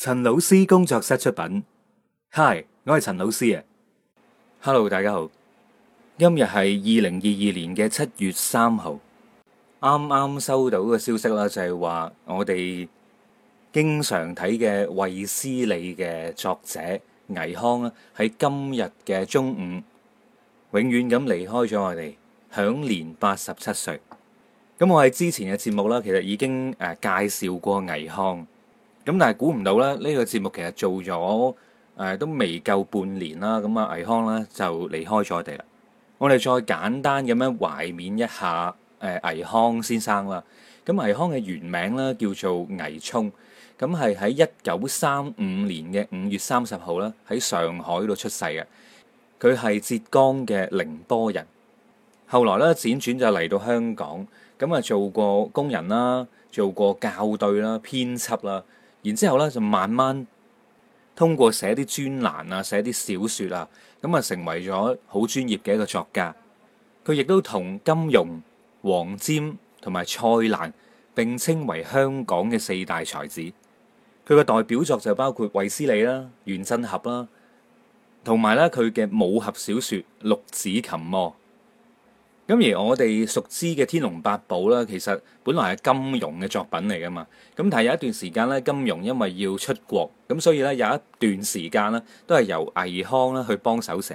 陳老師工作室出品。Hi，我係陳老師啊。Hello，大家好。今日係二零二二年嘅七月三號。啱啱收到個消息啦，就係話我哋經常睇嘅衛斯理嘅作者倪匡啦，喺今日嘅中午永遠咁離開咗我哋，享年八十七歲。咁我喺之前嘅節目啦，其實已經誒介紹過倪匡。咁但係估唔到咧，呢、這個節目其實做咗誒、呃、都未夠半年啦。咁啊，倪匡咧就離開咗我哋啦。我哋再簡單咁樣懷緬一下誒倪、呃、匡先生啦。咁倪匡嘅原名咧叫做倪聰，咁係喺一九三五年嘅五月三十號咧喺上海度出世嘅。佢係浙江嘅寧波人，後來咧輾轉就嚟到香港，咁、呃、啊做過工人啦，做過校對啦、編輯啦。然之後咧，就慢慢通過寫啲專欄啊，寫啲小説啊，咁啊成為咗好專業嘅一個作家。佢亦都同金庸、黃霑同埋蔡瀾並稱為香港嘅四大才子。佢嘅代表作就包括《衛斯理》啦，《原振俠》啦，同埋咧佢嘅武俠小説《六指琴魔》。咁而我哋熟知嘅《天龍八部》啦，其實本來係金庸嘅作品嚟噶嘛。咁但係有一段時間咧，金庸因為要出國，咁所以咧有一段時間咧都係由倪匡啦去幫手寫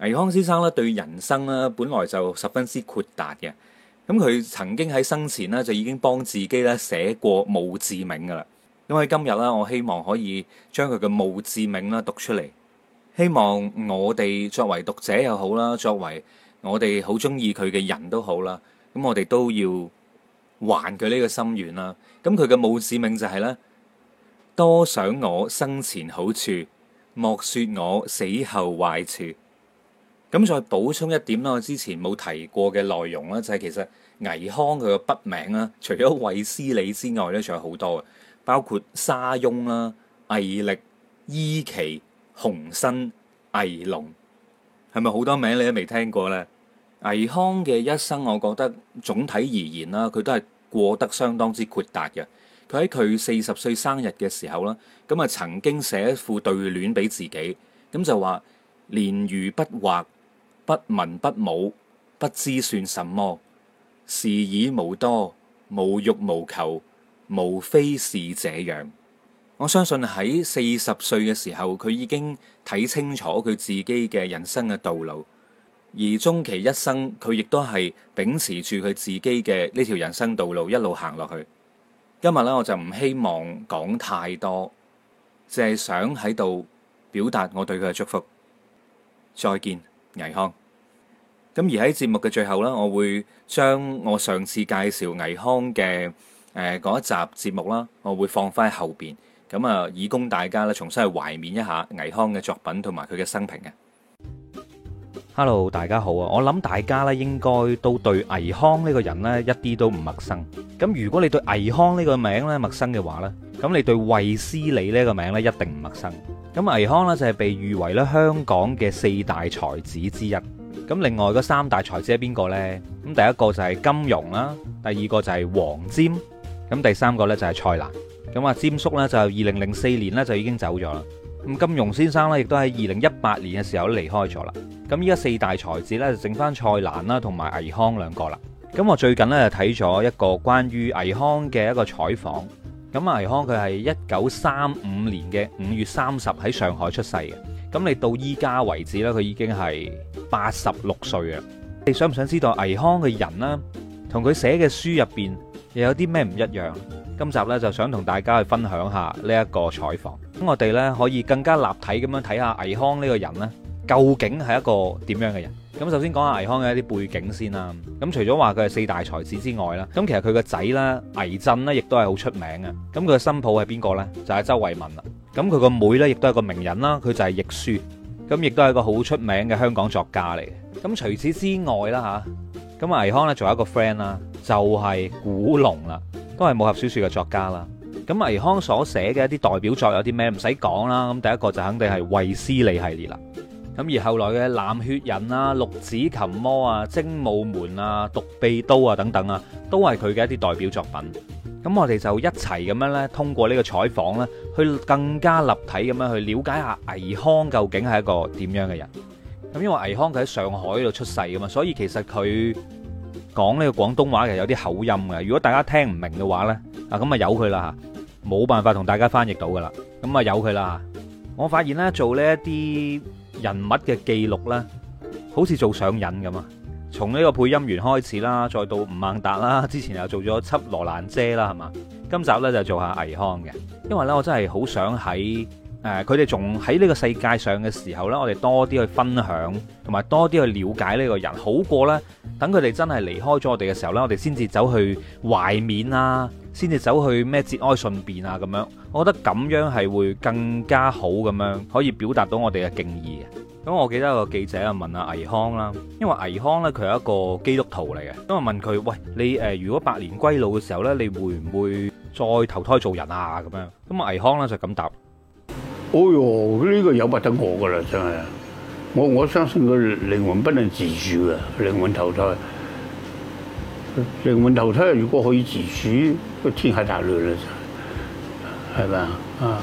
嘅。倪匡先生咧對人生咧本來就十分之豁達嘅。咁佢曾經喺生前咧就已經幫自己咧寫過字名《墓誌銘》噶啦。咁喺今日咧，我希望可以將佢嘅《墓誌銘》啦讀出嚟，希望我哋作為讀者又好啦，作為……我哋好中意佢嘅人都好啦，咁我哋都要還佢呢個心願啦。咁佢嘅墓誌銘就係、是、咧，多想我生前好處，莫說我死後壞處。咁再補充一點啦，我之前冇提過嘅內容啦，就係、是、其實倪匡佢個筆名啦，除咗衛斯理之外咧，仲有好多嘅，包括沙翁啦、魏力、伊奇、洪新、魏龍。係咪好多名你都未聽過呢？倪匡嘅一生，我覺得總體而言啦，佢都係過得相當之豁達嘅。佢喺佢四十歲生日嘅時候啦，咁啊曾經寫一副對聯俾自己，咁就話：年逾不惑，不文不武，不知算什麼；時已無多，無欲無求，無非是這樣。我相信喺四十歲嘅時候，佢已經睇清楚佢自己嘅人生嘅道路。而終其一生，佢亦都係秉持住佢自己嘅呢條人生道路一路行落去。今日咧，我就唔希望講太多，淨係想喺度表達我對佢嘅祝福。再見，倪匡。咁而喺節目嘅最後呢，我會將我上次介紹倪匡嘅誒嗰一集節目啦，我會放翻喺後邊。咁啊，以供大家咧重新去懷念一下倪匡嘅作品同埋佢嘅生平嘅。Hello，大家好啊！我諗大家咧應該都對倪匡呢個人呢一啲都唔陌生。咁如果你對倪匡呢個名咧陌生嘅話呢，咁你對衛斯理呢個名咧一定唔陌生。咁倪匡呢就係被譽為咧香港嘅四大才子之一。咁另外嗰三大才子係邊個呢？咁第一個就係金庸啦，第二個就係黃霑，咁第三個呢就係蔡瀾。咁啊，霑叔咧就二零零四年咧就已經走咗啦。咁金庸先生咧亦都喺二零一八年嘅時候離開咗啦。咁依家四大才子咧剩翻蔡瀾啦同埋倪匡兩個啦。咁我最近咧睇咗一個關於倪匡嘅一個採訪。咁啊，倪匡佢係一九三五年嘅五月三十喺上海出世嘅。咁你到依家為止咧，佢已經係八十六歲啊。你想唔想知道倪匡嘅人啦，同佢寫嘅書入邊又有啲咩唔一樣？今集咧就想同大家去分享下呢一個採訪，咁我哋呢，可以更加立體咁樣睇下倪匡呢個人呢，究竟係一個點樣嘅人？咁首先講下倪匡嘅一啲背景先啦。咁除咗話佢係四大才子之外啦，咁其實佢個仔啦，倪震呢，亦都係好出名嘅。咁佢個新抱係邊個呢？就係、是、周慧敏啦。咁佢個妹呢，亦都係個名人啦。佢就係亦舒，咁亦都係個好出名嘅香港作家嚟嘅。咁除此之外啦吓，咁、啊、倪匡呢，仲有一個 friend 啦。就係古龍啦，都係武俠小說嘅作家啦。咁倪匡所寫嘅一啲代表作有啲咩？唔使講啦，咁第一個就肯定係衛斯理系列啦。咁而後來嘅藍血人啊、六指琴魔啊、精武門啊、獨臂刀啊等等啊，都係佢嘅一啲代表作品。咁我哋就一齊咁樣呢，通過呢個採訪呢，去更加立體咁樣去了解下倪匡究竟係一個點樣嘅人。咁因為倪匡佢喺上海度出世噶嘛，所以其實佢。講呢個廣東話其實有啲口音嘅，如果大家聽唔明嘅話呢，啊咁啊由佢啦嚇，冇辦法同大家翻譯到噶啦，咁啊由佢啦。我發現呢做呢一啲人物嘅記錄呢，好似做上癮咁啊。從呢個配音員開始啦，再到吳孟達啦，之前又做咗《輯羅蘭姐》啦，係嘛？今集呢就做下倪匡嘅，因為呢我真係好想喺。誒佢哋仲喺呢個世界上嘅時候呢，我哋多啲去分享，同埋多啲去了解呢個人，好過呢，等佢哋真係離開咗我哋嘅時候呢，我哋先至走去懷緬啊，先至走去咩節哀順變啊咁樣。我覺得咁樣係會更加好咁樣，可以表達到我哋嘅敬意嘅。咁我記得有個記者問啊問阿倪匡啦，因為倪匡呢，佢係一個基督徒嚟嘅，咁啊問佢，喂你誒、呃、如果百年歸老嘅時候呢，你會唔會再投胎做人啊咁樣？咁倪匡呢，就咁答。哦、哎、呦！呢、這個有不得我㗎喇，真係我我相信個靈魂不能自主嘅，靈魂投胎。靈魂投胎如果可以自主，個天下大亂啦，係咪啊？啊！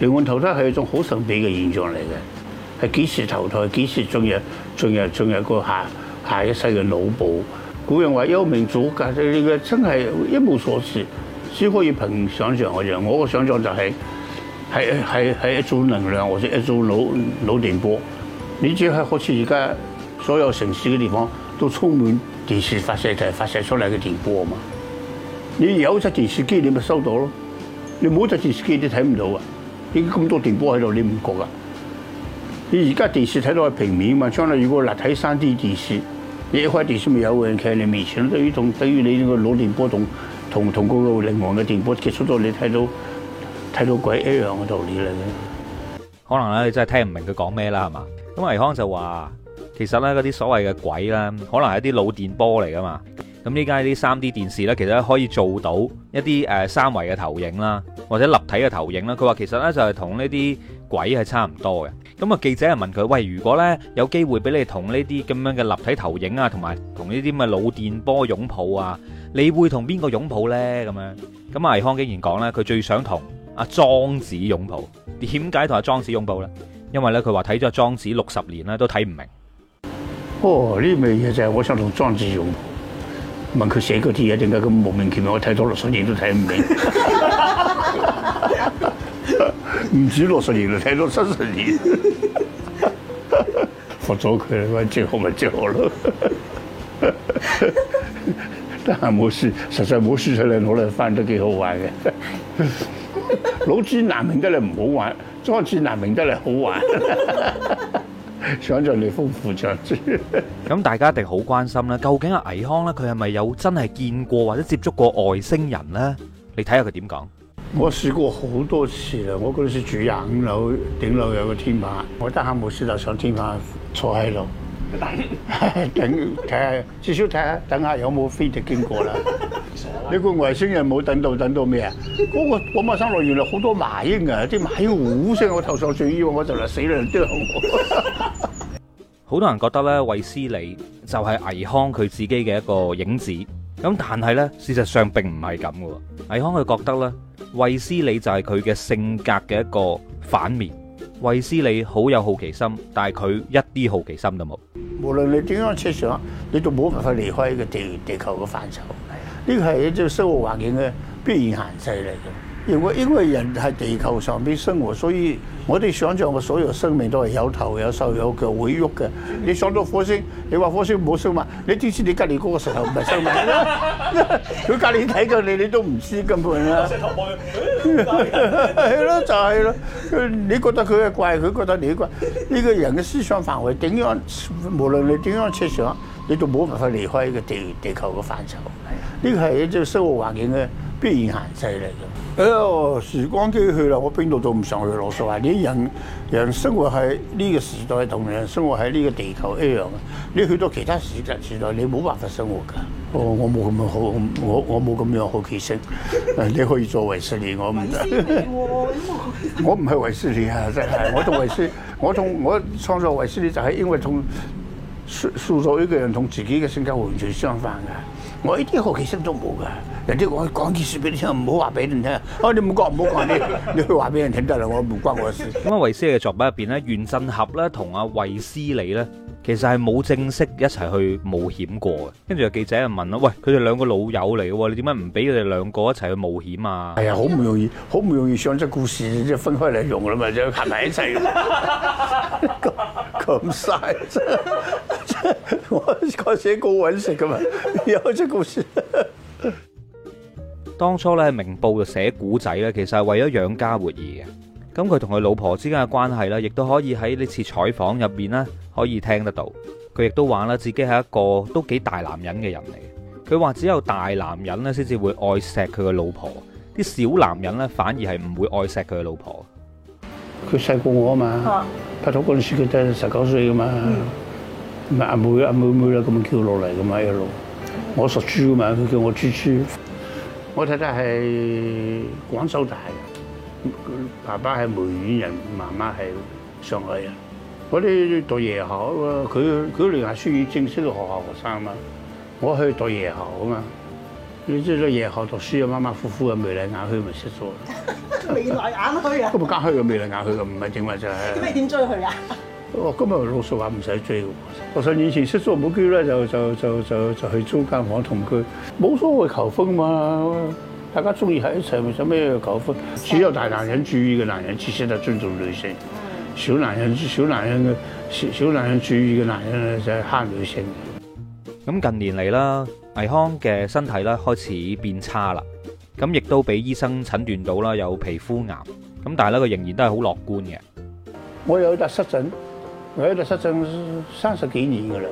靈魂投胎係一種好神秘嘅現象嚟嘅，係幾時投胎，幾時進入進入進入個下下一世嘅腦部。古人話幽冥阻隔，呢個真係一無所事，只可以憑想像嘅啫。我嘅想像就係、是。係係係一種能量，或者一種腦腦電波。你知係好似而家所有城市嘅地方都充滿電視發射台發射出嚟嘅電波嘛？你有隻電視機你咪收到咯，你冇隻電視機你睇唔到啊！依家咁多電波喺度你唔覺噶。你而家電視睇到係平面嘛？將來如果立體 3D 電視，你一開電視咪有人喺你面前，都等於，等於你呢個腦電波同同同嗰個靈魂嘅電波結合咗，你睇到。睇到鬼一樣嘅道理嚟嘅，可能咧，你真係聽唔明佢講咩啦，係嘛？咁倪匡就話：其實咧，嗰啲所謂嘅鬼啦，可能係一啲腦電波嚟噶嘛。咁依家啲三 D 電視咧，其實可以做到一啲誒、呃、三維嘅投影啦，或者立體嘅投影啦。佢話其實咧就係同呢啲鬼係差唔多嘅。咁啊，記者就問佢：喂，如果咧有機會俾你同呢啲咁樣嘅立體投影啊，同埋同呢啲咁嘅腦電波擁抱啊，你會同邊個擁抱咧？咁樣咁啊，倪匡竟然講咧，佢最想同。阿莊子擁抱，點解同阿莊子擁抱咧？因為咧，佢話睇咗莊子六十年咧都睇唔明。哦，呢味嘢就係我想同莊子擁抱，問佢寫嗰啲嘢點解咁莫名其妙，我睇到六十年都睇唔明。唔 止六十年，我睇到七十年。服咗佢，咪，最好咪最好咯。 得閒冇事，實在冇事出嚟好咧，翻都幾好玩嘅。 老子難明得你唔好玩，莊子難明得你好玩。 想像力豐富著知。咁 大家一定好關心咧，究竟阿倪匡咧，佢係咪有真係見過或者接觸過外星人咧？你睇下佢點講。我試過好多次啦，我嗰時住廿五樓頂樓有個天台，我得閒冇事就上天台坐喺度。等睇下，至少睇下，等下有冇飛碟經過啦？ 你個外星人冇等到，等到咩啊？嗰個《本命三六》原來好多麻鷹啊！啲麻鷹嗚聲我頭上最要，我就嚟死啦！都好，好 多人覺得咧，衛斯理就係倪匡佢自己嘅一個影子。咁但係咧，事實上並唔係咁噶。倪匡佢覺得咧，衛斯理就係佢嘅性格嘅一個反面。衛斯理好有好奇心，但係佢一啲好奇心都冇。無論你點樣設想，你都冇辦法離開呢個地地球嘅範疇。呢個係一個生活環境嘅必然限制嚟嘅。如果因為人喺地球上邊生活，所以我哋想象嘅所有生命都係有頭有手有腳會喐嘅。你上到火星，你話火星冇生命，你點知你隔離嗰個石頭唔係生命？佢 隔離睇緊你，你都唔知根本啦、啊。石頭冇係咯就係咯。你覺得佢係怪，佢覺得你怪。呢、呢個人嘅思想範圍點樣？無論你點樣設想，你都冇辦法離開一個地地球嘅範疇。呢個係一種生活環境嘅必然限制嚟嘅。哎呦！時光機去啦，我邊度都唔想去。羅嗦話你人人生活喺呢個時代同人生活喺呢個地球一樣嘅。你去到其他時代時代，你冇辦法生活噶、哦。我我冇咁好，我我冇咁樣好奇心。 你可以作為衛斯理，我唔得。 我唔係衛斯理啊！真係我同衛斯， 我同我創作衛斯理呢，就係因為同塑造一個人同自己嘅性格完全相反嘅。我一啲好奇心都冇噶。我人哋講講件事俾你聽，唔好話俾人聽。啊，你唔好講，唔好講，你你去話俾人聽得啦，我唔關我事。咁啊，衛斯嘅作品入邊咧，原振俠咧同阿衛斯理咧，其實係冇正式一齊去冒險過嘅。跟住有記者就問啦，喂，佢哋兩個老友嚟嘅喎，你點解唔俾佢哋兩個一齊去冒險啊？係啊、哎，好唔容易，好唔容易上出故， 故事，即係分開嚟用啦嘛，就係喺埋一齊。咁嘥！我個寫稿搵食㗎嘛，有隻故事。當初咧明報就寫古仔咧，其實係為咗養家活兒嘅。咁佢同佢老婆之間嘅關係咧，亦都可以喺呢次採訪入面咧可以聽得到。佢亦都話啦，自己係一個都幾大男人嘅人嚟。佢話只有大男人咧先至會愛錫佢嘅老婆，啲小男人咧反而係唔會愛錫佢嘅老婆。佢細過我啊嘛，拍拖嗰陣時佢就十九歲啊嘛。阿妹阿妹妹啦，咁叫落嚟噶嘛一路。我屬豬啊嘛，佢、嗯、叫我豬豬。我睇得係廣州大嘅，爸爸係梅縣人，媽媽係上海人。我哋讀夜校，佢佢聯繫書院正式嘅學校學生啊嘛。我去讀夜校啊嘛。你知唔知夜校讀書啊，馬馬虎虎啊，眉來眼去咪識做，眉來眼去啊。都冇加虛嘅眉來眼去嘅，唔係正話就係。點咩點追佢啊？ 我今日老實話，唔使追。我想以前識咗冇幾耐咧，就就就就就，就去租間房同居，冇所謂求婚嘛。大家中意喺一齊，為咗咩求婚？嗯、只有大男人主義嘅男人，至識得尊重女性；小男人、小男人嘅小男人主義嘅男人咧，就係蝦女性。咁近年嚟啦，倪匡嘅身體咧開始變差啦。咁亦都俾醫生診斷到啦，有皮膚癌。咁但係咧，佢仍然都係好樂觀嘅。我有一笪濕疹。我喺度失蹤三十幾年噶啦，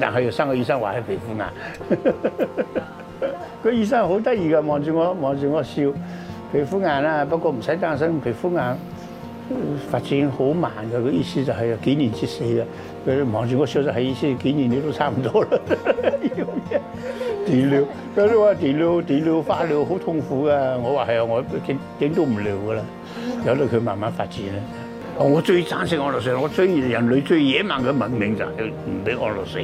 但係有三個醫生話係皮膚癌。個 醫生好得意嘅，望住我望住我笑，皮膚癌啊，不過唔使擔心，皮膚癌發展好慢嘅。個意思就係、是、幾年至死嘅。佢望住我笑就係意思，幾年你都差唔多啦。電 療，佢話電療電療化療好痛苦啊！我話係啊，我整到唔療噶啦，由得佢慢慢發展啦。我最贊成安樂死，我最，我最人類最野蠻嘅文明就唔俾安樂死，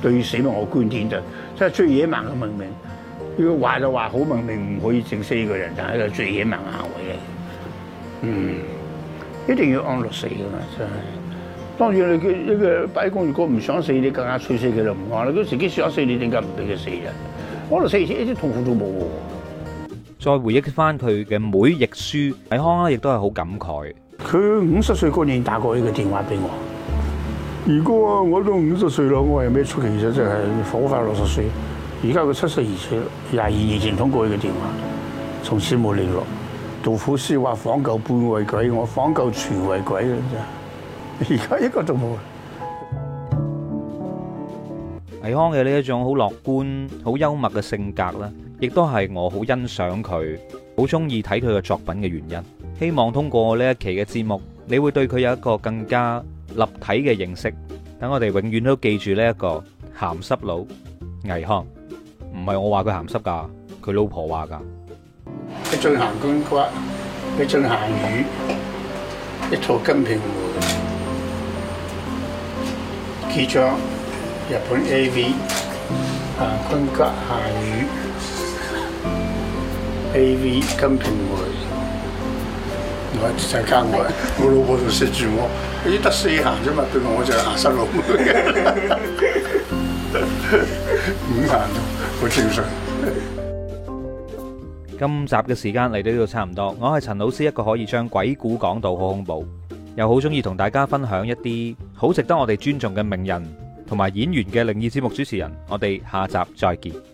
對於死亡我觀點就是，真係最野蠻嘅文明。要話就話好文明，唔可以整死一個人，但係最野蠻行為嚟。嗯，一定要安樂死噶嘛，真係。當然你佢呢個白公，如果唔想死，你更加催死佢咯。話啦，佢自己想死，你點解唔俾佢死啊？安樂死一啲痛苦都冇。再回憶翻佢嘅妹亦舒，喺康咧亦都係好感慨。佢五十歲嗰年打過一個電話俾我，如果我都五十歲咯，我係咩出奇？去，真係火翻六十歲。而家佢七十二歲，廿二年前通過佢嘅電話，從此冇聯絡。杜甫詩話訪舊半為鬼，我訪舊全為鬼嘅啫。而家一個都冇。倪匡嘅呢一種好樂觀、好幽默嘅性格啦，亦都係我好欣賞佢、好中意睇佢嘅作品嘅原因。希望通過我呢一期嘅節目，你會對佢有一個更加立體嘅認識。等我哋永遠都記住呢一個鹹濕佬倪匡，唔係我話佢鹹濕噶，佢老婆話噶。你盡鹹軍骨，你盡鹹魚，一套金瓶梅，記咗日本 A V，鹹軍骨鹹魚 A V 金瓶梅。我只只監我，我老婆就識住我，我得四行啫嘛，對我我就行失路。五萬，好正常。今集嘅時間嚟到呢度差唔多，我係陳老師，一個可以將鬼故講到好恐怖，又好中意同大家分享一啲好值得我哋尊重嘅名人同埋演員嘅靈異節目主持人，我哋下集再見。